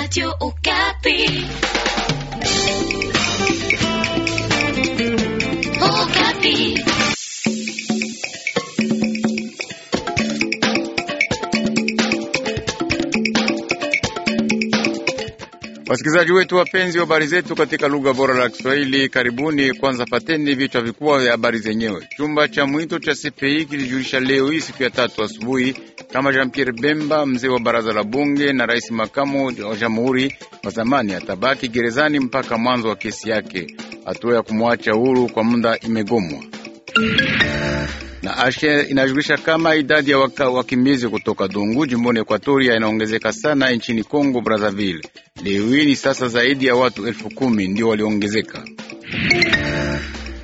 Radio Okapi. Okapi. Wasikilizaji wetu wapenzi wa habari zetu katika lugha bora la Kiswahili, karibuni. Kwanza pateni vichwa vikubwa vya habari zenyewe. Chumba cha mwito cha CPI kilijulisha leo hii siku ya tatu asubuhi kama Jean Pierre Bemba, mzee wa baraza la bunge na rais makamu wa jamhuri wa zamani, atabaki gerezani mpaka mwanzo wa kesi yake. Hatua ya kumwacha huru kwa muda imegomwa na ashe. Inajulisha kama idadi ya waka, wakimbizi kutoka Dungu jimboni Ekwatoria inaongezeka sana nchini Kongo Brazzaville. Leo hii ni sasa zaidi ya watu elfu kumi ndio waliongezeka.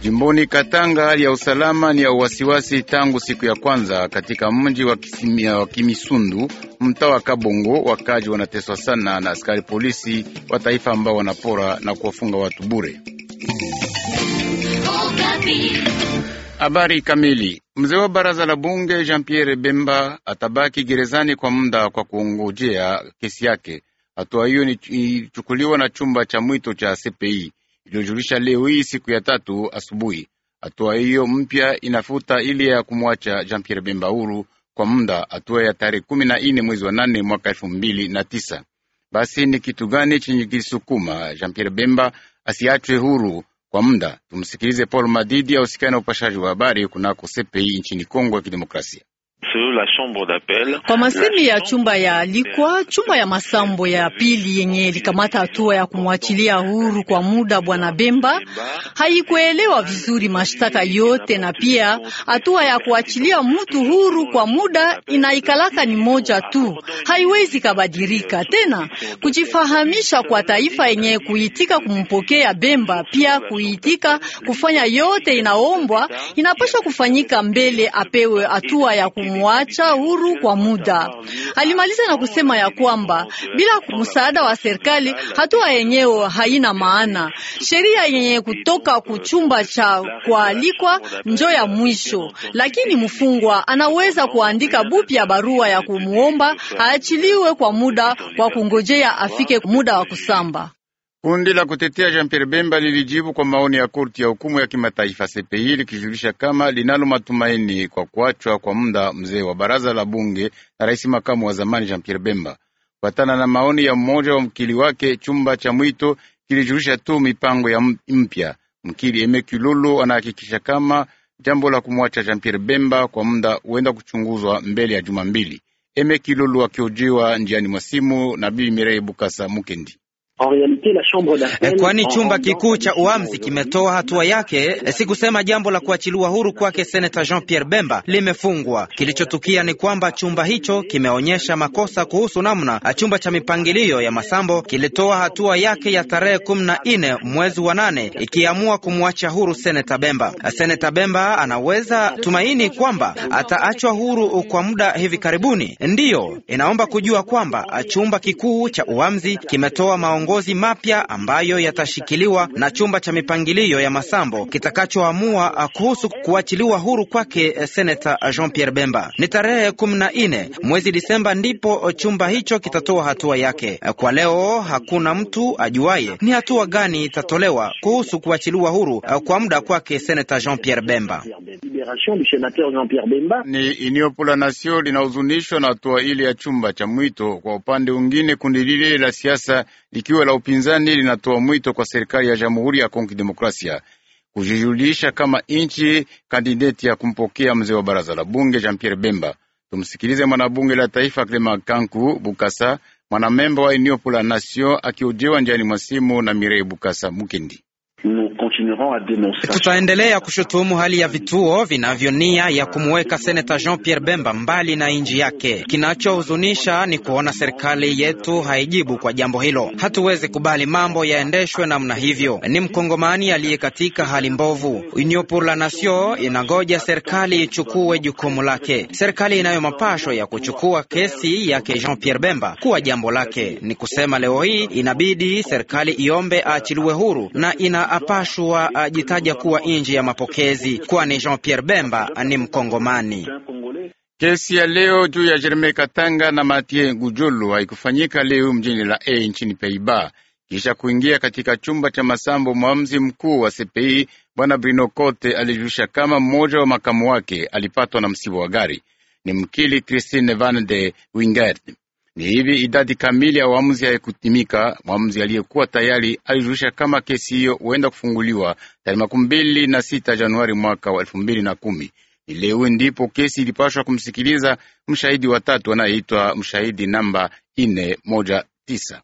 Jimboni Katanga hali ya usalama ni ya uwasiwasi tangu siku ya kwanza katika mji wa Kisimia, Kimisundu mtaa wa Kabongo. Wakaji wanateswa sana na askari polisi wa taifa ambao wanapora na kuwafunga watu bure. Habari kamili. Mzee wa baraza la bunge Jean Pierre Bemba atabaki gerezani kwa muda kwa kuongojea kesi yake. Hatua hiyo ilichukuliwa na chumba cha mwito cha CPI iliyojulisha leo hii siku ya tatu asubuhi. Hatua hiyo mpya inafuta ile ya kumwacha Jean Pierre Bemba huru kwa muda, hatua ya tarehe kumi na nne mwezi wa nane mwaka elfu mbili na tisa. Basi ni kitu gani chenye kilisukuma Jean Pierre Bemba asiachwe huru kwa muda? Tumsikilize Paul Madidi, ausikani na upashaji wa habari kunako CPI nchini Kongo ya Kidemokrasia la chambre d'appel kwa masemi ya chumba ya alikwa chumba ya masambo ya pili yenye likamata hatua ya kumwachilia huru kwa muda bwana Bemba haikuelewa vizuri mashtaka yote, na pia hatua ya kuachilia mtu huru kwa muda inaikalaka ni moja tu, haiwezi kabadirika tena. Kujifahamisha kwa taifa yenye kuitika kumpokea Bemba, pia kuitika kufanya yote inaombwa, inapaswa kufanyika mbele apewe hatua ya kum kumwacha huru kwa muda. Alimaliza na kusema ya kwamba bila msaada wa serikali hatua yenyewe haina maana. Sheria yenye kutoka kuchumba cha kualikwa njo ya mwisho, lakini mfungwa anaweza kuandika bupi ya barua ya kumwomba aachiliwe kwa muda wa kungojea afike muda wa kusamba. Kundi la kutetea Jean Pierre Bemba lilijibu kwa maoni ya korti ya hukumu ya kimataifa CPI likijulisha kama linalo matumaini kwa kuachwa kwa muda mzee wa baraza la bunge na rais makamu wa zamani Jean Pierre Bemba. Kufuatana na maoni ya mmoja wa mkili wake, chumba cha mwito kilijulisha tu mipango ya mpya. Mkili Emekulolo anahakikisha kama jambo la kumwacha Jean Pierre Bemba kwa muda huenda kuchunguzwa mbele ya juma mbili. Emekulolo akiojiwa njiani mwa simu na Bibi Mirei Bukasa Mukendi. Eh, kwani chumba kikuu cha uamzi kimetoa hatua yake. Eh, si kusema jambo la kuachiliwa huru kwake seneta Jean Pierre Bemba limefungwa. Kilichotukia ni kwamba chumba hicho kimeonyesha makosa kuhusu namna chumba cha mipangilio ya Masambo kilitoa hatua yake ya tarehe kumi na nne mwezi wa nane ikiamua kumwacha huru seneta Bemba. Seneta Bemba anaweza tumaini kwamba ataachwa huru kwa muda hivi karibuni. Ndiyo inaomba kujua kwamba chumba kikuu cha uamzi kimetoa maongozi maongozi mapya ambayo yatashikiliwa na chumba cha mipangilio ya Masambo kitakachoamua eh, kuhusu kuachiliwa huru kwake eh, seneta Jean Pierre Bemba. Ni tarehe kumi na nne mwezi Disemba ndipo eh, chumba hicho kitatoa hatua yake. Kwa leo hakuna mtu ajuaye ni hatua gani itatolewa kuhusu kuachiliwa huru kwa muda kwake seneta Jean Pierre Bemba. Federation, du senateur Jean-Pierre Bemba. Ni Iniopola Nasio linahuzunishwa na hatua ile ya chumba cha mwito. Kwa upande mwingine, kundi lile la siasa likiwa la upinzani linatoa mwito kwa serikali ya Jamhuri ya Kongo Demokrasia kujijulisha kama nchi kandideti ya kumpokea mzee wa baraza la bunge Jean-Pierre Bemba. Tumsikilize mwanabunge la taifa Clement Kanku Bukasa, mwanamemba wa Iniopola Nasio, akiojewa njiani mwa simu na Mirei Bukasa Mukendi. Tutaendelea kushutumu hali ya vituo vinavyonia ya kumweka seneta Jean Pierre Bemba mbali na nchi yake. Kinachohuzunisha ni kuona serikali yetu haijibu kwa jambo hilo. Hatuwezi kubali mambo yaendeshwe namna hivyo. Ni mkongomani aliye katika hali mbovu. Union pour la Nation inangoja serikali ichukue jukumu lake. Serikali inayo mapasho ya kuchukua kesi yake Jean Pierre Bemba kuwa jambo lake. Ni kusema leo hii inabidi serikali iombe aachiliwe huru na ina apashwa ajitaja uh, kuwa nje ya mapokezi, kwani Jean Pierre Bemba ni Mkongomani. Kesi ya leo juu ya Jereme Katanga na Matie Ngujulu haikufanyika leo mjini La a nchini Peiba kisha kuingia katika chumba cha masambo. Mwamzi mkuu wa CPI bwana Bruno Cote alijulisha kama mmoja wa makamu wake alipatwa na msiba wa gari. Ni mkili Christine Van de Wingert ni hivi idadi kamili ya waamuzi haikutimika. Mwamuzi aliyekuwa tayari alijulisha kama kesi hiyo huenda kufunguliwa tarehe makumi mbili na sita Januari mwaka wa elfu mbili na kumi. Leo ndipo kesi ilipashwa kumsikiliza mshahidi watatu anayeitwa mshahidi namba ine moja tisa.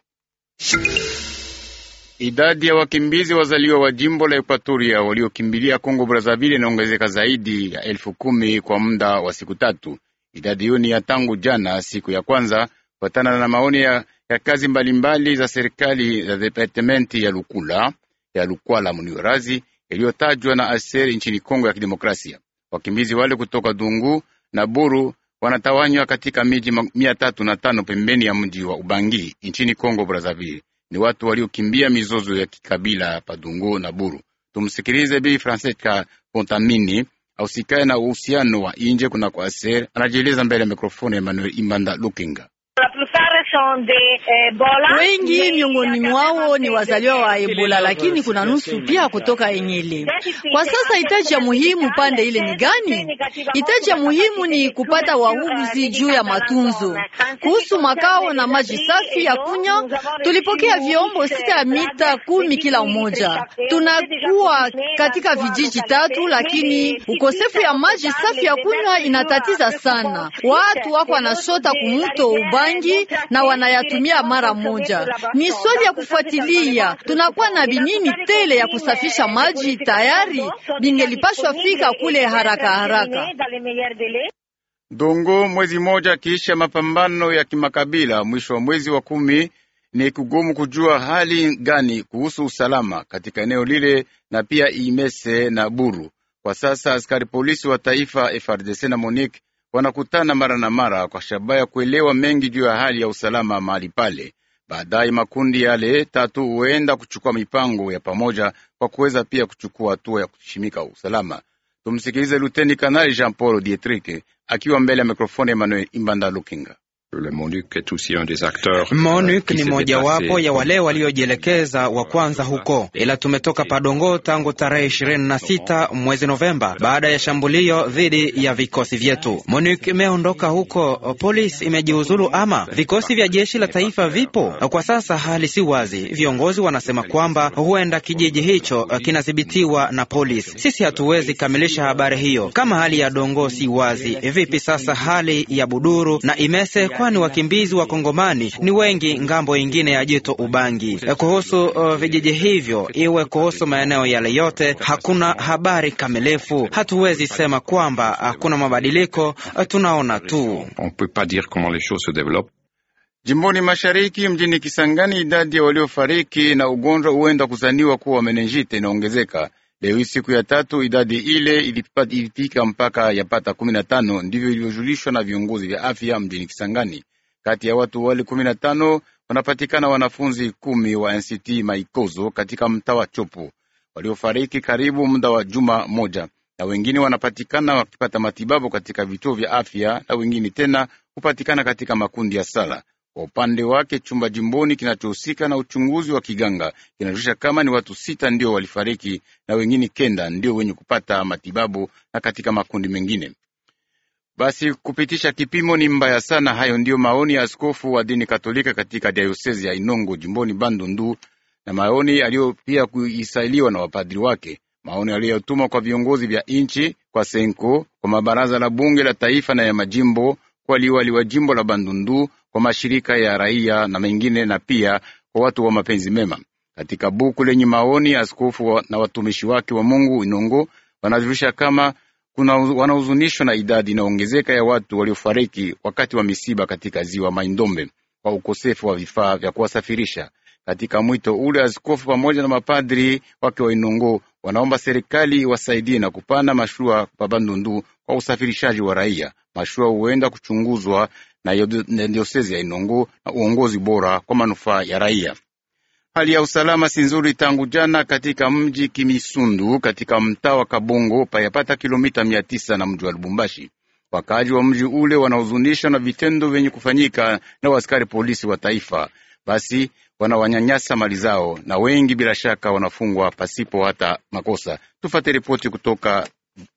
Idadi ya wakimbizi wazaliwa wa jimbo la Ekuatoria waliokimbilia Kongo brazaville inaongezeka zaidi ya elfu kumi kwa muda wa siku tatu. Idadi hiyo ni ya tangu jana siku ya kwanza kufuatana na maoni ya, ya kazi mbalimbali mbali za serikali za departementi ya Lukula ya Lukwala Muniorazi iliyotajwa na aseri nchini Kongo ya Kidemokrasia. Wakimbizi wale kutoka Dungu na Buru wanatawanywa katika miji mia tatu na tano pembeni ya mji wa Ubangi nchini Kongo Brazaville. Ni watu waliokimbia mizozo ya kikabila Dungu na Buru. Tumsikilize Bi Francesca Pontamini ausikae na uhusiano wa inje kunako aser, anajieleza mbele ya mikrofoni ya Emmanuel Imanda Lukinga. अपना Eh, Wengi miongoni mwao ni wazaliwa wa Ebola, lakini kuna nusu pia kutoka Enyele. Kwa sasa hitaji ya muhimu pande ile ni gani? Hitaji ya muhimu ni kupata wauguzi juu ya matunzo kuhusu makao na maji safi ya kunywa Tulipokea vyombo sita ya mita kumi kila mmoja. Tunakuwa katika vijiji tatu, lakini ukosefu ya maji safi ya kunywa inatatiza sana. Watu wako wanashota kumuto Ubangi na na wanayatumia mara moja. Ni swali ya kufuatilia, tunakuwa na binini tele ya kusafisha maji tayari, bingelipashwa fika kule haraka haraka. Dongo mwezi moja kisha mapambano ya kimakabila mwisho wa mwezi wa kumi, ni kugumu kujua hali gani kuhusu usalama katika eneo lile na pia Imese na Buru. Kwa sasa askari polisi wa taifa FRDC na Monique wanakutana mara na mara kwa shabaha ya kuelewa mengi juu ya hali ya usalama mahali pale. Baadaye makundi yale tatu huenda kuchukua mipango ya pamoja kwa kuweza pia kuchukua hatua ya kushimika usalama. Tumsikilize Luteni Kanali Jean Paul Dietrike akiwa mbele ya mikrofoni Emmanuel Imbanda Lukinga. MONUC euh, ni mojawapo ya wale waliojielekeza wa kwanza huko, ila tumetoka Padongo tangu tarehe ishirini na sita mwezi Novemba baada ya shambulio dhidi ya vikosi vyetu. MONUC imeondoka huko, polisi imejiuzulu, ama vikosi vya jeshi la taifa vipo kwa sasa. Hali si wazi, viongozi wanasema kwamba huenda kijiji hicho kinadhibitiwa na polisi. Sisi hatuwezi kamilisha habari hiyo. Kama hali ya Dongo si wazi, vipi sasa hali ya Buduru na Imese? kwani wakimbizi wa Kongomani ni wengi ngambo ingine ya jito Ubangi. Eh, kuhusu uh, vijiji hivyo, iwe kuhusu maeneo yale yote, hakuna habari kamilifu. Hatuwezi sema kwamba hakuna mabadiliko, eh, tunaona tu. Jimboni mashariki mjini Kisangani, idadi ya waliofariki na ugonjwa huenda kuzaniwa kuwa menenjite inaongezeka. Leo siku ya tatu, idadi ile ilifika mpaka yapata kumi na tano. Ndivyo ilivyojulishwa na viongozi vya afya mjini Kisangani. Kati ya watu wale kumi na tano wanapatikana wanafunzi kumi wa NCT Maikozo katika mtaa wa Chopo waliofariki karibu muda wa juma moja, na wengine wanapatikana wakipata matibabu katika vituo vya afya, na wengine tena hupatikana katika makundi ya sala. Kwa upande wake, chumba jimboni kinachohusika na uchunguzi wa kiganga kinajulisha kama ni watu sita ndio walifariki na wengine kenda ndio wenye kupata matibabu na katika makundi mengine basi kupitisha kipimo ni mbaya sana. Hayo ndiyo maoni ya askofu wa dini Katolika katika diosezi ya Inongo jimboni Bandundu, na maoni aliyo pia kuisailiwa na wapadri wake, maoni aliyotumwa kwa viongozi vya nchi, kwa Senko, kwa mabaraza la bunge la taifa na ya majimbo, kwa liwali wa jimbo la Bandundu, kwa mashirika ya raia na mengine na pia kwa watu wa mapenzi mema. Katika buku lenye maoni ya askofu wa, na watumishi wake wa Mungu Inongo wanajulisha kama kuna wanahuzunishwa na idadi inaongezeka ya watu waliofariki wakati wa misiba katika ziwa Maindombe kwa ukosefu wa vifaa vya kuwasafirisha. Katika mwito ule, askofu pamoja na mapadri wake wa Inongo wanaomba serikali wasaidie na kupana mashua pa Bandundu kwa usafirishaji wa raia. Mashua huenda kuchunguzwa na diosezi ya Inongo na uongozi bora kwa manufaa ya raia. Hali ya usalama si nzuri tangu jana katika mji Kimisundu katika mtaa wa Kabongo payapata kilomita mia tisa na mji wa Lubumbashi. Wakaaji wa mji ule wanahuzunishwa na vitendo vyenye kufanyika na waskari polisi wa taifa, basi wanawanyanyasa mali zao, na wengi bila shaka wanafungwa pasipo hata makosa. Tufate ripoti kutoka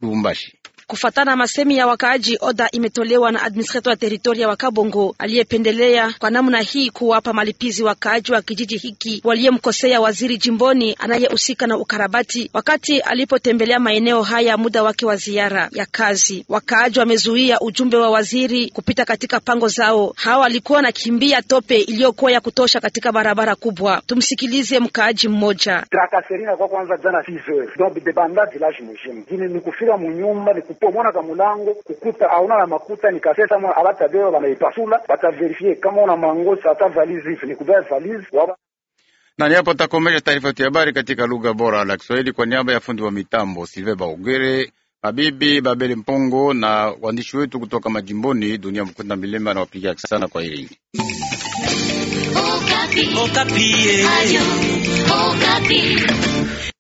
Lubumbashi. Kufatana masemi ya wakaaji, oda imetolewa na administrator ya teritoria wa Kabongo aliyependelea kwa namna hii kuwapa malipizi wakaaji wa kijiji hiki waliyemkosea waziri jimboni anayehusika na ukarabati wakati alipotembelea maeneo haya muda wake wa ziara ya kazi. Wakaaji wamezuia ujumbe wa waziri kupita katika pango zao, hawa walikuwa na kimbia tope iliyokuwa ya kutosha katika barabara kubwa. Tumsikilize mkaaji mmoja kupoa mwana ka mulango kukuta auna na makuta nikasesa mwana abata banaipasula bataverifie kama una mangosi hata valise ifi nikubaya valise waba na ni hapo takomesha taarifa yetu ya habari katika lugha bora la Kiswahili kwa niaba ya fundi wa mitambo Silve Baugere, Mabibi Babele Mpongo na waandishi wetu kutoka majimboni dunia mkunda milima na wapiga sana kwa hili Okapi. Okapi. Eh.